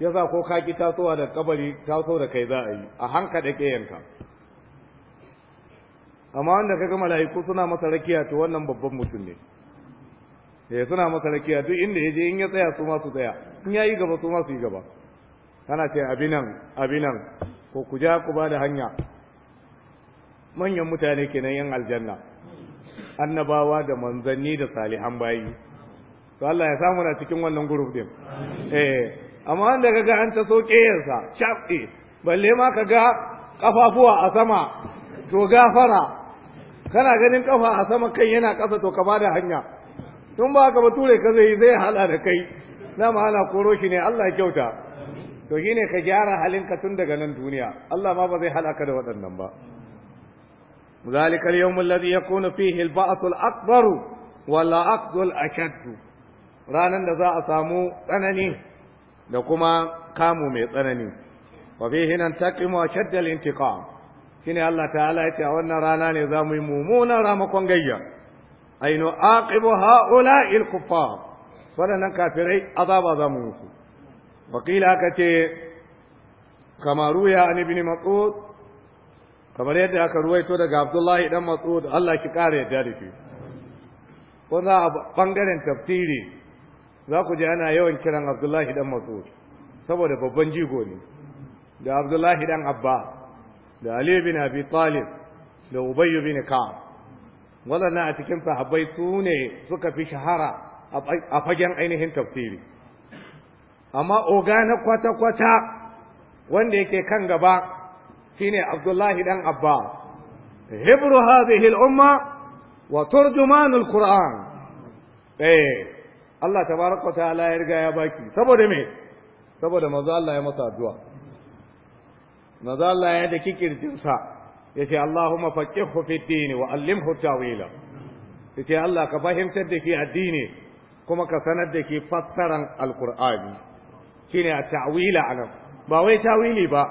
A: yasa ko ka ki tasowa da kabari taso da kai za a yi a hanka da kiyanka amma wanda kaga mala'iku suna masa rakiya to wannan babban mutum ne eh suna masa rakiya duk inda ya je in ya tsaya su ma tsaya in ya yi gaba su ma su yi gaba kana ce abinan abinan ko ku ja ku ba da hanya manyan mutane kenan yan aljanna annabawa da manzanni da salihan bayi to Allah ya samu na cikin wannan group din eh amma wanda kaga an ta soke yansa balle ma kaga kafafuwa a sama to gafara kana ganin kafa a sama kai yana kasa to ka bada hanya Tun ba haka bature ka zai yi zai haɗa da kai dama ana koroshi shi ne Allah kyauta to shine ka gyara halin ka tun daga nan duniya Allah ma ba zai haɗa ka da waɗannan ba ذلك اليوم الذي يكون فيه البعث الأكبر والعقد الأشد ranan da za a samu tsanani da kuma kamu mai tsanani wa fihi nan taqimu ashaddal intiqam shine Allah ta yace a wannan rana ne za mu yi mummunan ramakon gayya ay nu'aqibu ha'ula'i al-kuffar wadannan kafirai azaba za mu musu wakila ce kama ruya an ibn mas'ud kamar yadda aka ruwaito daga abdullahi dan mas'ud Allah ki kare yadda da shi ko za a bangaren tafsiri za ku ji ana yawan kiran abdullahi dan mas'ud saboda babban jigo ne da abdullahi ɗan abba da ali bin abi talib da ubay bin ka'ab waɗannan a cikin sahabbai su ne suka fi shahara a fagen ainihin tafsiri amma oga na kwata-kwata wanda yake kan gaba shine abdullahi ɗan abba hibru hadhihi al-umma wa turjuman al-qur'an eh Allah tabaraka ta'ala ya riga ya baki saboda me saboda manzo Allah ya masa addu'a manzo Allah ya daki sa. yace Allahumma faqihhu fi dini wa allimhu tawila yace Allah ka fahimtar da shi addini kuma ka sanar da shi fassaran alqur'ani shine a ta'wila anan ba wai tawili ba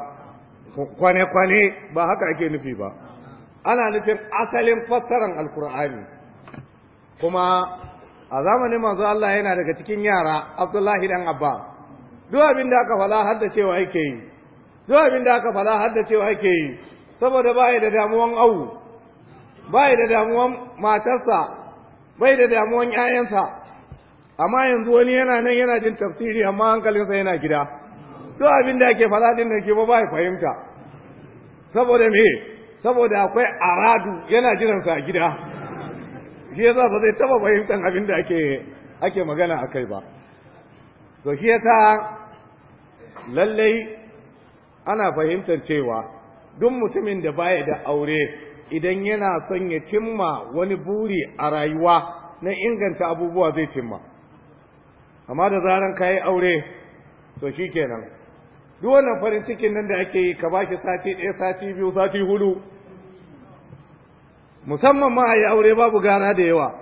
A: kwane kwane ba haka ake nufi ba ana nufin asalin fassaran alqur'ani kuma a zamanin manzo Allah yana daga cikin yara Abdullahi dan Abba duk abin da aka fala har cewa yake yi duk abin da aka fala har cewa yake yi saboda ba da damuwan awu ba da damuwan matarsa bai da damuwan 'ya'yansa amma yanzu wani yana nan yana jin tafsiri amma hankalinsa yana gida duk abin da ake faɗa din da ke ba bai fahimta saboda me saboda akwai aradu yana jiransa a gida shi yasa ba zai taba fahimtar abin da ake ake magana a kai ba to shi yasa lallai ana fahimtar cewa duk mutumin da baya da aure idan yana son ya cimma wani buri a rayuwa na inganta abubuwa zai cimma amma da zaran ka yi aure to shi kenan duk wannan farin cikin nan da ake yi ka bashi sati ɗaya sati biyu sati hudu musamman ma a yi aure babu gana da yawa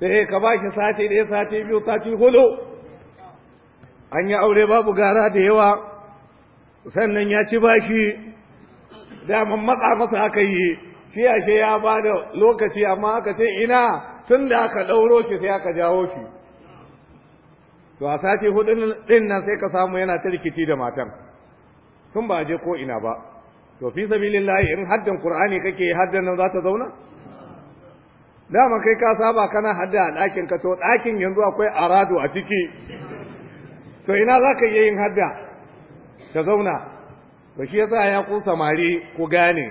A: sai eh, ka bashi sati ɗaya sati biyu sati hudu an yi aure babu gara da yawa sannan ya ci bashi daman matsa masa aka yi shi ashe ya ba da lokaci amma aka ce ina tun da aka ɗauro shi sai aka jawo shi to a sati hudu ɗin nan sai ka samu yana ta rikici da matan tun ba a je ko ina ba to fi layi in haddan qur'ani kake haddan nan za ta zauna dama kai ka saba kana hadda a ɗakin ka to ɗakin yanzu akwai arado a ciki to ina za ka iya yin hadda ka zauna ba shi yasa ya ku samari ku gane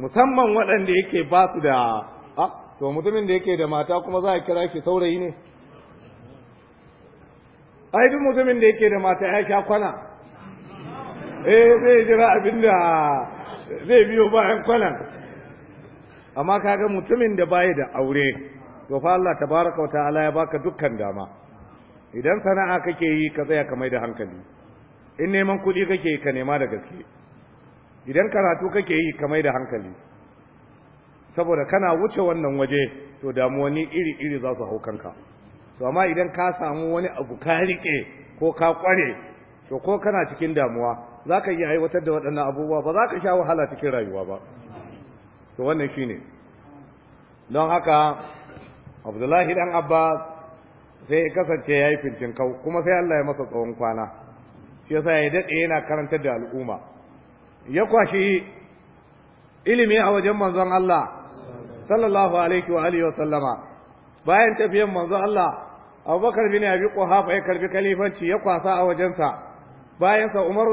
A: musamman waɗanda yake ba su da a to mutumin da yake da mata kuma za a kira shi saurayi ne ai duk mutumin da yake da mata ya sha kwana eh zai jira abin da zai biyo bayan kwanan amma kaga mutumin da baya da aure to fa Allah tabaraka wa ta'ala ya baka dukkan dama idan sana'a kake yi ka tsaya ka mai da hankali in neman kuɗi kake ka nema da gaske idan karatu kake yi ka mai da hankali saboda kana wuce wannan waje to damuwanni iri-iri za su hau kanka to amma idan ka samu wani abu ka riƙe ko ka ƙware to ko kana cikin damuwa za ka yi aiwatar da waɗannan abubuwa ba za ka sha wahala cikin rayuwa ba to wannan shi ne. don haka abdullahi ɗan abba sai ya kasance ya yi fincin kau kuma sai allah ya masa tsawon kwana yasa ya daɗe yana karantar da al'umma ya kwashi ilimi a wajen manzon Allah sallallahu alaihi wa alihi wa sallama bayan tafiyan manzon Allah Abubakar bin Abi Quhafa ya karbi kalifanci ya kwasa a wajensa bayan sa Umar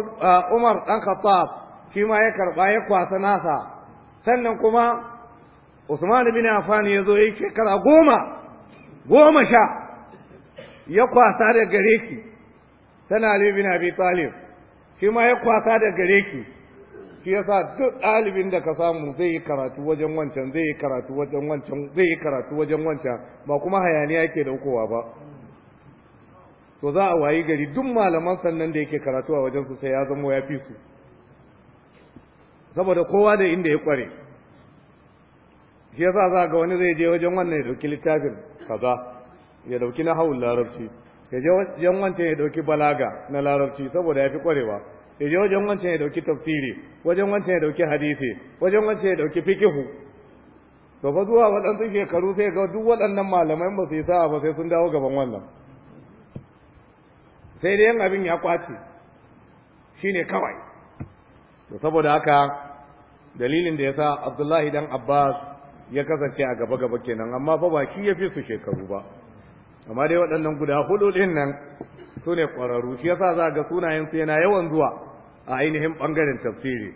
A: Umar dan Khattab shi ma ya karba ya kwasa nasa sannan kuma Usman bin Affan ya zo yi shekara goma goma sha ya kwasa da gare shi tana Ali bin Abi Talib shi ma ya kwasa da gare ki shi sa duk ɗalibin da ka samu zai yi karatu wajen wancan zai yi karatu wajen wancan zai yi karatu wajen wancan ba kuma hayaniya yake daukowa ba to za a wayi gari duk malaman sannan da yake karatu a wajen su sai ya zamo ya fi su saboda kowa da inda ya kware shi ya sa za ga wani zai je wajen wannan ya dauki littafin kaza ya dauki na hawul larabci ya je wancan ya dauki balaga na larabci saboda ya fi kwarewa ya je wajen wancan ya dauki tafsiri wajen wancan ya dauki hadisi wajen wancan ya dauki fikihu to fa zuwa waɗansu shekaru sai ga duk waɗannan malamai ba su yi sa'a ba sai sun dawo gaban wannan sai dai yan abin ya kwace shine kawai to saboda haka dalilin da ya sa Abdullahi dan Abbas ya kasance a gaba gaba kenan amma fa ba shi ya fi su shekaru ba amma dai waɗannan guda hudu ɗin nan su ne ƙwararru shi yasa za ga sunayen su yana yawan zuwa a ainihin ɓangaren tafsiri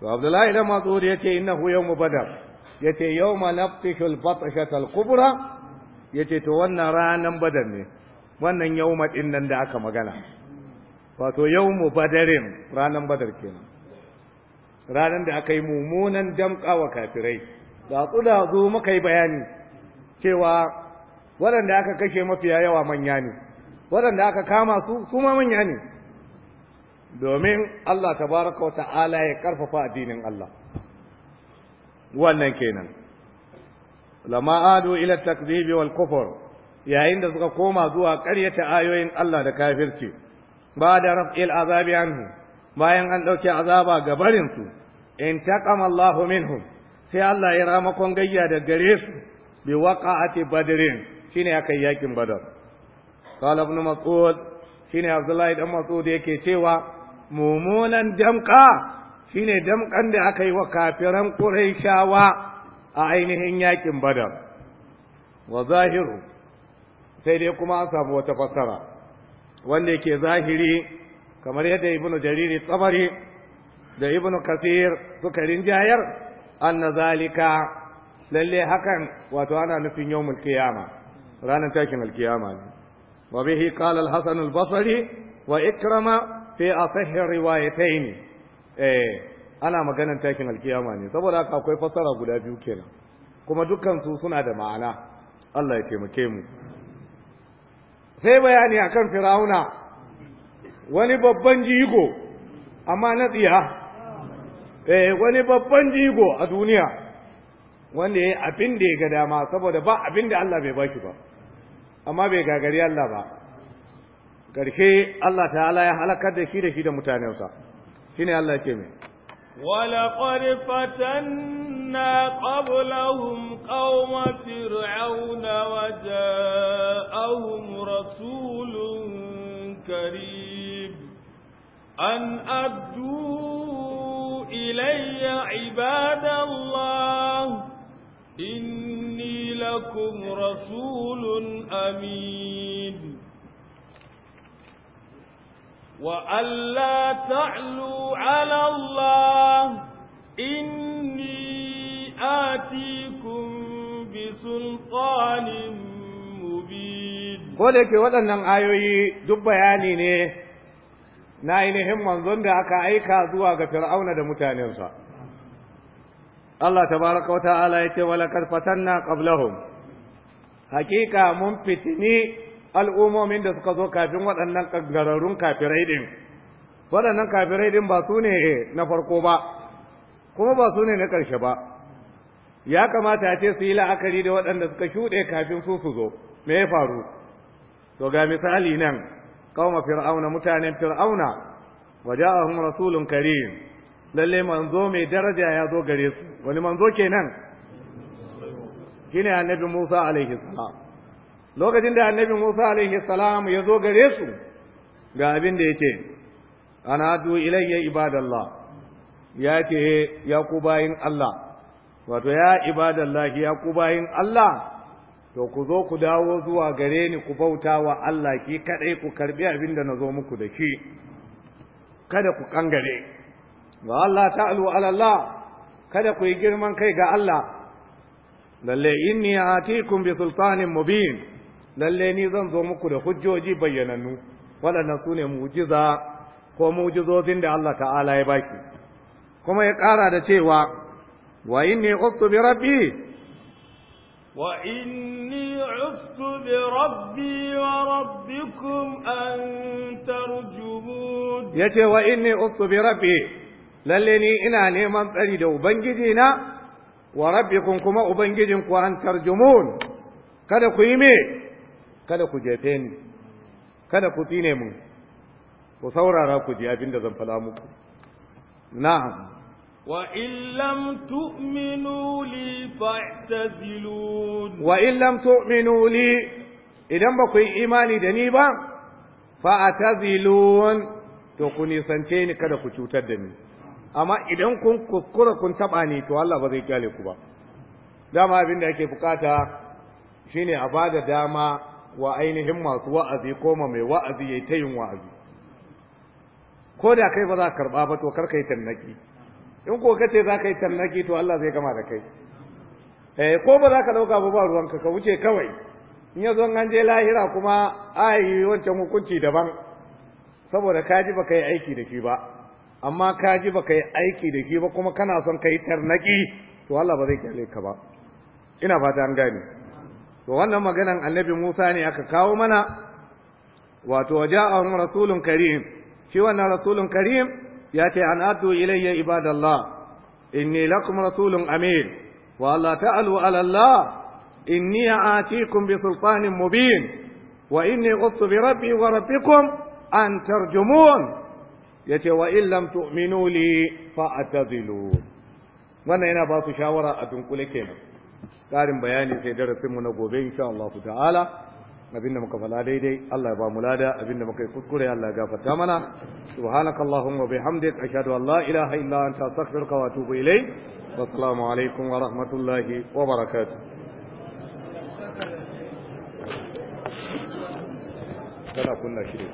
A: to abdullahi da mas'ud ya ce innahu mu badar ya ce na naftihul batashatal kubura ya ce to wannan ranan badar ne wannan ma ɗin nan da aka magana wato mu badarin ranan badar kenan ranan da aka yi mummunan damƙa wa kafirai da tsuda zo muka yi bayani cewa waɗanda aka kashe mafiya yawa manya ne waɗanda aka kama su su manya ne domin Allah tabaraka wa ta'ala ya karfafa addinin Allah wannan kenan lama adu ila takzibi wal kufur yayin da suka koma zuwa ƙaryata ayoyin Allah da kafirci ba da raf'il azabi anhu bayan an ɗauke azaba ga barin su in taqama Allahu minhum sai Allah ya ramakon gayya da gare su bi waqa'ati badrin Shi ne aka yi yakin badar qala ibn mas'ud ne abdullahi dan mas'ud ke cewa mummunan mumunan shi ne damkan da aka yi wa kafiran shawa a ainihin yakin badar wa zahiru sai dai kuma an samu wata fassara wanda yake zahiri kamar yadda ibn jariri tsabari da ibnu kasir suka rinjayar na zalika lalle hakan wato ana nufin mulki yama. ranar takin alkiyama ne wa bihi qala al-hasan al-basri wa ikrama fi asah riwayatayn eh ana maganar takin alkiyama ne saboda haka akwai fasara guda biyu kenan kuma dukkan su suna da ma'ana Allah ya taimake mu sai bayani akan firauna wani babban jigo amma na tsiya eh wani babban jigo a duniya wanda ya abin da ya ga dama saboda ba abin da Allah bai baki ba amma bai gagari Allah ba karshe Allah ta'ala ya halakar da shi da shi da mutanensa shine Allah ce mai
B: ولقد فتنا قبلهم قوم فرعون وجاءهم رسول كريم أن أدوا إلي عباد الله إني لكم رسول أمين وأن لا تعلوا على الله إني آتيكم بسلطان
A: مبين قولك وضعنا آيوي دب بياني ne na ainihin manzon da aka aika zuwa ga fir'auna da mutanensa Allah tabaraka wa ta'ala yace wa laqad fatanna qablahum hakika mun fitini al'umomin da suka zo kafin waɗannan kangararrun kafirai din waɗannan kafirai din ba su ne na farko ba kuma ba su ne na ƙarshe ba ya kamata a ce su yi la'akari da waɗanda suka shuɗe kafin su su zo me ya faru to ga misali nan kauma fir'auna mutanen fir'auna وجاءهم rasulun karim lalle manzo mai daraja ya zo gare su wani manzo kenan shine annabi Musa alaihi salam lokacin da annabi Musa alaihi salam ya zo gare su ga abin da yake ana du ilayya ibadallah ya ce ya Allah wato ya ibadallah ya kubayin Allah to ku zo ku dawo zuwa gare ni ku bauta wa Allah ki kadai ku karbi abin da na zo muku da shi kada ku kangare wa Allah Ta ala Allah kada ku yi girman kai ga Allah lalle inni atikum bi sultanin mubin lalle ni zan zo muku da hujjoji bayyanannu waɗannan su ne mu'jiza ko mu'jizozin da Allah ta'ala ya baki kuma ya ƙara da cewa wa inni ustu bi rabbi
B: wa inni ustu bi rabbi wa rabbikum an
A: Ya yace wa inni ustu bi rabbi lalle ni ina neman tsari da ubangiji na wa rabbikum kuma ubangijin ku an tarjumun kada ku yi me kada ku jefe ni kada ku tsine mu ku saurara ku ji abin da zan fada muku na'am
B: وإن لم تؤمنوا لي فاعتزلون
A: وإن لم تؤمنوا لي to ku nisance ni kada ku cutar da ni. amma idan kun kuskura kun taba ni to Allah ba zai kyale ku ba dama abin da yake bukata shine a bada dama wa ainihin masu wa'azi ko ma mai wa'azi yayi ta yin wa'azi ko da kai ba za ka karba ba to kar kai tannaki. in ko ka ce za ka yi tannaki to Allah zai gama da kai eh ko ba za ka dauka ba ba ruwanka ka wuce kawai in yazo an je lahira kuma ayi wancan hukunci daban saboda ka ji ba yi aiki da shi ba amma ka ji baka yi aiki da shi ba kuma kana son ka yi tarnaki to Allah ba zai kyale ka ba ina fata an gane to wannan maganan annabi Musa ne aka kawo mana wato ja'ahum rasulun karim shi wannan rasulun karim ya ce an addu ilayya ibadallah inni lakum rasulun amin wa Allah ta'alu ala Allah inni atikum bi sultanin mubin wa inni qultu bi rabbi wa rabbikum an tarjumun Ya ce, wa in lam tu'minu li fa'tazilu wannan yana ba su shawara a dunkule kenan karin bayani sai darasin mu na gobe insha Allah ta'ala abinda muka fala daidai Allah ya ba mu lada abinda muka yi kuskure Allah ya gafarta mana subhanakallahumma wa bihamdik ashhadu an la ilaha illa anta astaghfiruka wa atubu ilayk wa assalamu alaikum wa rahmatullahi wa barakatuh kada kunna shi